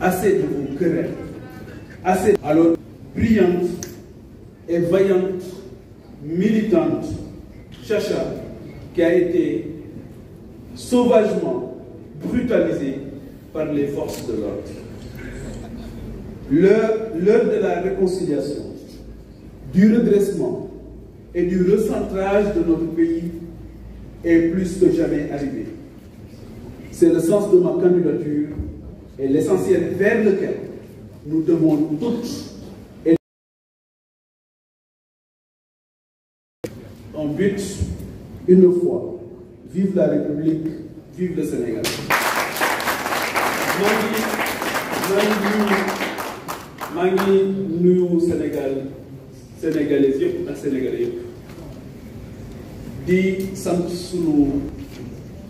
Assez de vos querelles. Assez. Alors, brillante et vaillante, militante, Chacha, qui a été sauvagement brutalisée par les forces de l'ordre. L'heure de la réconciliation, du redressement et du recentrage de notre pays est plus que jamais arrivée. C'est le sens de ma candidature et l'essentiel vers lequel nous devons toutes et en but, une fois, vive la République, vive le Sénégal. maa Mangi nuyu Sénégal sénégalais yëpp ak sénégalais Dit di sant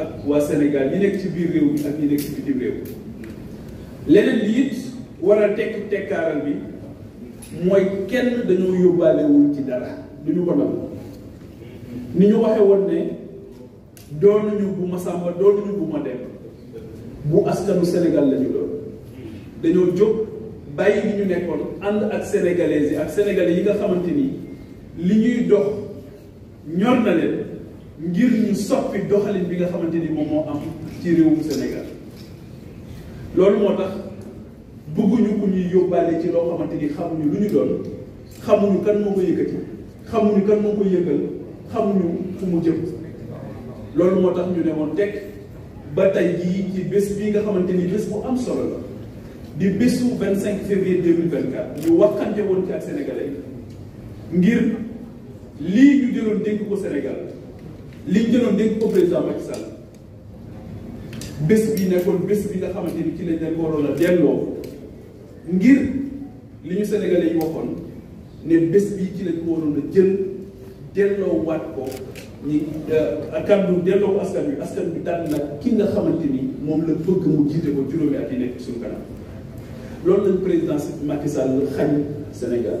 ak waa Sénégal ñi nekk ci biir réew mi ak ñi nekk ci bitim réew leneen li it war a tekki tekkaaral bi mooy kenn dañoo yóbbaalewul ci dara du ñu ko dal ni ñu waxee woon ne doonuñu bu ma sàmba doonuñu bu ma dem bu askanu Sénégal la doon dañoo jóg bàyyi li ñu nekkoon ànd ak sénégalais yi ak sénégalais yi nga xamante ni li ñuy dox ñor na leen ngir ñu soppi doxalin bi nga xamante ni moom moo am ci réewum Sénégal loolu moo tax bëgguñu ku ñuy yóbbaale ci loo xamante ni xamuñu lu ñu doon xamuñu kan moo ko yëkkati xamuñu kan moo ko yëkkal xamuñu fu mu jëm loolu moo tax ñu ne woon ba tey jii ci bés bii nga xamante ni bés bu am solo la di bésu 25 février 2024 ñu waxante woon ci ak sénégalais ngir lii ñu jëloon dénk ko Sénégal. liñ jëloon dégg ko président Macky bés bi nekkoon bés bi nga xamante ni ci lañ leen ko waroon a delloo ngir li ñu sénégalais yi waxoon ne bés bi ci lañ ko waroon a jël delloo waat ko ñi euh, kàddu delloo ko askan bi askan bi tànn nag ki nga xamante ni moom la bëgg mu jiite ko juróomi at yi nekk suñu kanam loolu lañ président Macky Sall xañ Sénégal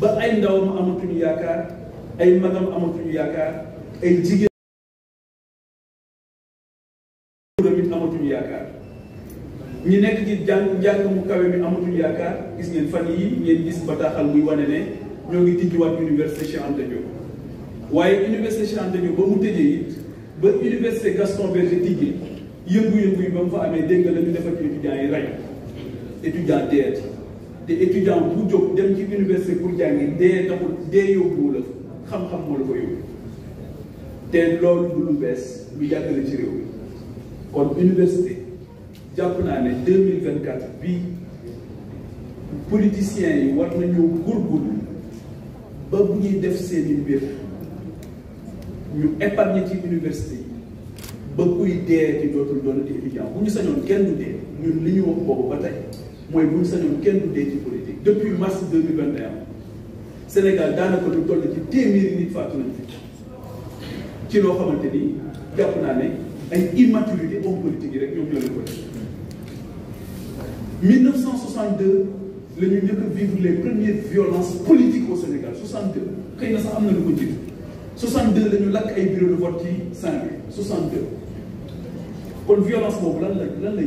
ba ay ndawam amatuñu yaakaar ay magam amatuñu yaakaar ay jigéen amit amatuñu yaakaar ñi nekk ci jàng njàng mu kawe amatuñu yaakaar gis ngeen fan yi ngeen gis bataaxal muy wane ne ñoo ngi tijjiwaat université Cheikh Anta Diop waaye université Cheikh Anta Diop ba mu tëjee it ba université Gaston Berger tijjee yëngu-yëngu yi ba mu fa amee dégg la ñu defal ci étudiants yi rey étudiant des étudiants bu jóg dem ci université pour jàngi dee taxul dee yóbbu la xam-xam moo la ko yóbbu te loolu du lu bees lu jàngale ci réew mi kon université jàpp naa ne 2024 mille bii politiciens yi war nañu góorgóorlu ba bu ñuy def seen i mbir ñu épargne ci université yi ba kuy dee ci dootul doonati étudiant bu ñu sañoon kenn du dee ñun li ñu wax boobu ba tey moy buñu ne sañoon kenn du dee ci politique depuis mars 2021, le Sénégal daanaka lu toll ci téeméeri nit faatu nañ fi ci loo xamante ni jàpp naa ne ay immaturité homme politique yi rek ñoom ñoo leen ko 1962 la ñu njëkk vivre les premières violences politiques au Sénégal 62 xëy na sax am na lu ko jiitu 62 la ñu lakk ay bureau de vote ci saint 62 kon violence boobu lan la lan lay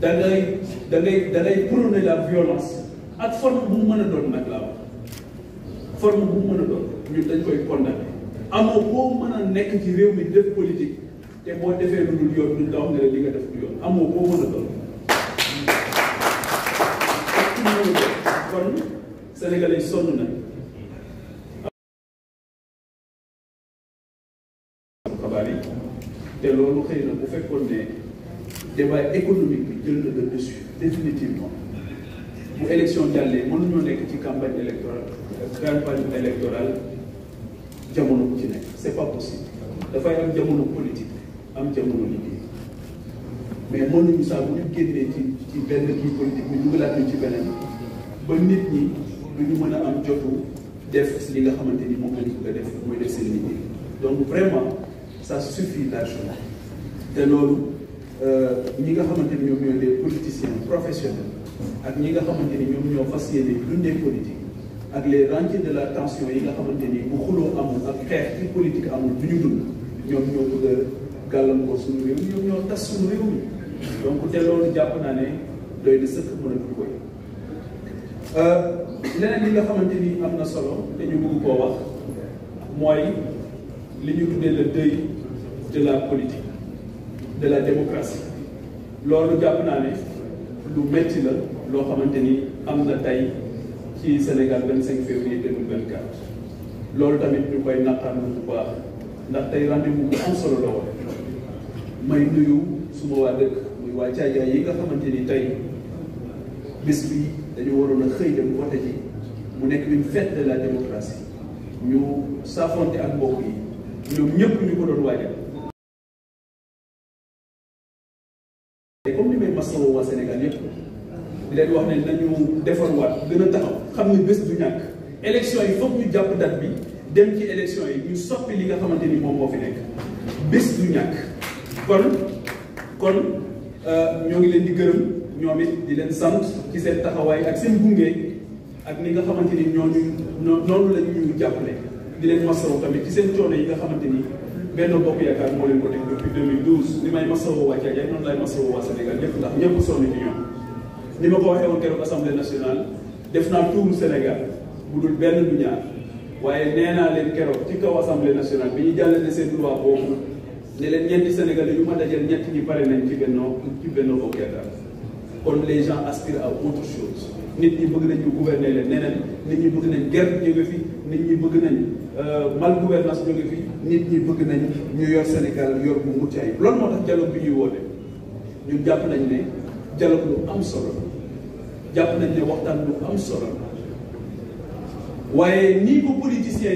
da ngay da ngay da ngay violence ak forme bu mu mën a doon nag laa wax forme bu mu mën a doon ñun dañ koy condamné amoo boo mën a nekk ci réew mi def politique te boo defee lu dul yoon duñ la ne li nga def du yoon amoo boo mën a doon. kon Sénégalais sonn na. xabaar yi te loolu devrait économique bi jël na dessus définitivement pour élection jàllee mënuñoo nekk ci campagne électorale campagne électorale jamono bu ci nekk c'est pas possible dafay am jamono politique am jamono liggéey mais mënuñu saa bu ñu génnee ci ci benn kii politique bi dugalaat ñu ci beneen ba nit ñi du ñu mën a am jotu def li nga xamante ni moom la ñu bëgg a def mooy def seen liggéey donc vraiment ça suffit largement te loolu euh, ñi nga xamanteni ñoom politiciens professionnels ak ñi nga xamanteni ñoom ñoo politique ak les rentiers de la tension yi nga xamanteni bu xuloo amul ak politique amul du ñu ñoom ñoo bëgg suñu réew ñoo suñu réew donc te loolu jàpp naa ne doy de sëkk a de euh, leneen li nga na solo ñu bëgg wax li ñu le deuil de la politique de la démocratie loolu jàpp naa ne lu métti la loo xamante ni am na tey ci Sénégal 25 février 2024 loolu tamit ñu koy naqarlu bu baax ndax tey rendez-vous bu am solo la may nuyu suma waa dëkk muy waa caajaay yi nga xamante ni tey bis dañu waroon a xëy dem vote ji mu nekk une fête de la démocratie ñu saafonte ak mbokk yi ñoom ñëpp ñu ko doon te comme ni may masawoo waa Sénégal yëpp leen wax ne nañu defarwaat gën a taxaw xam ne bés du ñàkk élection yi foog ñu jàpp date bi dem ci élection yi ñu soppi li nga xamante ni moom moo fi nekk bés du ñàkk kon kon euh, ñoo ngi leen di gërëm ñoom di leen sant ci seen taxawaay ak seen gunge ak ni nga xamante ni ñooñu noonu la ñu jàppale di leen masawoo tamit ci seen coono yi nga xamante nii benn bokk yaakaar moo leen ko teg depuis 2012 may masawoo waa Thiadiaye noonu lay masawoo waa Sénégal ñëpp ndax ñëpp sonn ci ñoom. ni ma ko waxee woon keroog assemblée nationale def naa tuuru Sénégal bu dul benn du ñaar waaye nee naa leen keroog ci kaw assemblée nationale bi ñu jàllale seen loi boobu ne leen ñeenti Sénégal yu ma dajeel ñett ñi pare nañ ci benn ci benn bokk yaakaar kon les gens aspirent à autre chose. nit ñi bëgg nañ ñu gouverner leen neneen nit ñi bëgg nañ guerre jóge fi nit ñi bëgg nañ euh, mal gouvernance jóge fi nit ñi bëgg nañ ñu yor Sénégal yor bu mucc ayib loolu moo tax dialogue bi ñuy woote ñun jàpp nañ ne dialogue lu am solo jàpp nañ ne waxtaan lu am solo waaye nii ko politicien